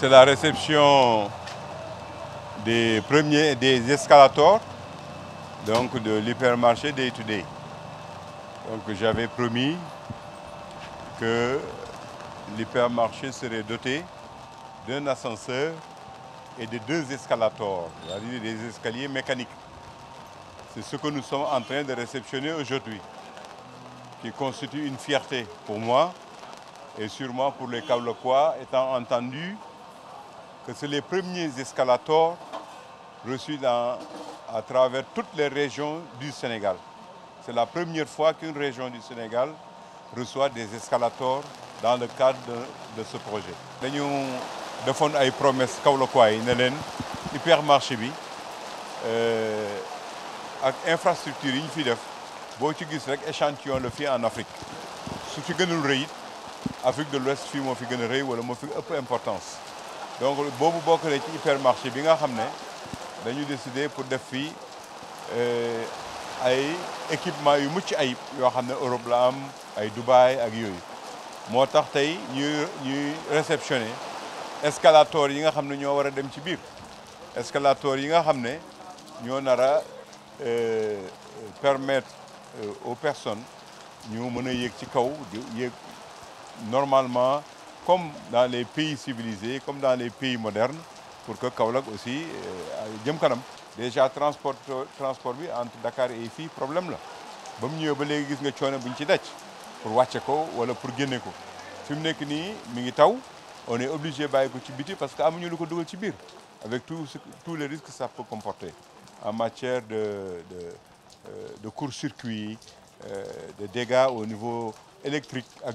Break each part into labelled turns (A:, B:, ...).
A: c'est la réception des premiers des escalators donc de l'hypermarché Day to Donc j'avais promis que l'hypermarché serait doté d'un ascenseur et de deux escalators, à des escaliers mécaniques. C'est ce que nous sommes en train de réceptionner aujourd'hui, qui constitue une fierté pour moi et sûrement pour les Cablocois, étant entendu que c'est les premiers escalators reçus à travers toutes les régions du Sénégal. C'est la première fois qu'une région du Sénégal reçoit des escalators dans le cadre de, ce projet. Nous avons une promesse kaolackois quoi, ne leen hypermarché bi euh, ak infrastructure fi en Afrique Si fi nous l'Afrique de l'Ouest fii une fi a wala importance donc boobu bokk na ci hypermarché bi nga xam ne dañu décider pour def fii euh, ay équipement yu mucc ayib yoo xam ne Europe la am ay Dubaï ak yooyu moo tax tey ñuy ñuy réceptionné escalator yi nga xam ne ñoo war a dem ci biir escalator yi nga xam ne ñoo nar a euh, permettre euh, aux personnes ñu mën a yéeg ci kaw di yéeg normalement comme dans les pays civilisés, comme dans les pays modernes, pour que Kaolack aussi, euh, déjà transport transport entre Dakar et ici, problème là. nous nous ñëwee ba léegi gis nga pour wàcce ou pour guinéco. Si on est obligé de faire parce que amuñu lu ko avec tous les risques que ça peut comporter en matière de euh, court-circuit euh, de dégâts au niveau électrique ak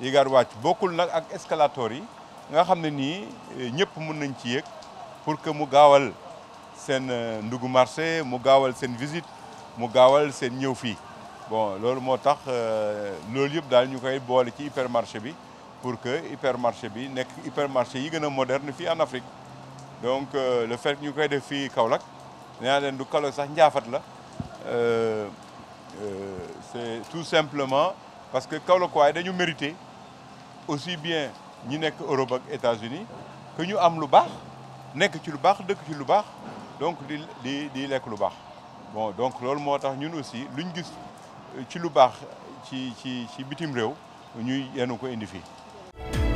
A: yi gaar wàcc bokkul nag ak escalator yi nga xamné ni ñepp eh, ñëpp mën nañ ci yéeg pour que mu gawal sen eh, ndugu marché mu gawal sen visite mu gawal sen ñëw fi bon loolu motax tax eh, loolu yëpp daal ñu koy ci hypermarché bi pour que hypermarché bi nekk hypermarché yi gëna moderne fi en Afrique donc le fait que ñu def fi kaolak naa leen du Kaolack sax njaafat la euh, euh, c'est tout simplement parce que Kaolackois dañu mérité aussi bien ñi nek Europe ak États-Unis que ñu am lu baax nek ci lu baax dëkk ci lu baax donc di di di lek lu baax bon donc lool motax ñun aussi luñu gis euh, ci lu baax ci ci ci bitim rew ñuy yenu ko indi fii